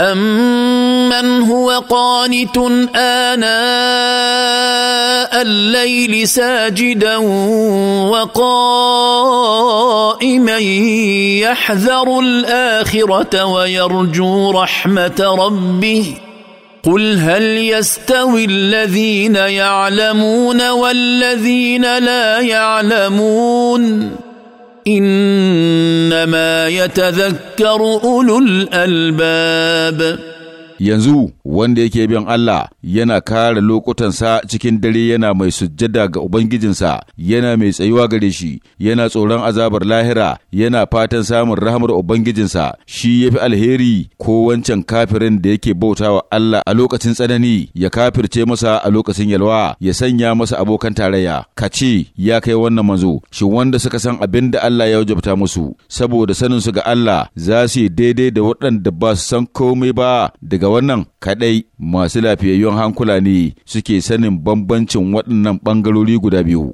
أمن هو قانت آناء الليل ساجدا وقائما يحذر الآخرة ويرجو رحمة ربه قل هل يستوي الذين يعلمون والذين لا يعلمون انما يتذكر اولو الالباب yanzu wanda yake bin Allah yana kare lokutansa cikin dare yana mai sujjada ga Ubangijinsa yana mai tsayuwa gare shi yana tsoron azabar lahira yana fatan samun rahmar Ubangijinsa shi yafi alheri ko wancan kafirin da yake bautawa Allah a lokacin tsanani ya kafirce masa a lokacin yalwa ya sanya masa abokan tarayya ka ce ya kai wannan manzo shi wanda suka san abin da Allah ya wajabta musu saboda sanin su ga Allah za su yi daidai da waɗanda ba su san komai ba daga wannan kadai masu lafiyayyun hankula ne suke sanin bambancin waɗannan ɓangarori guda biyu.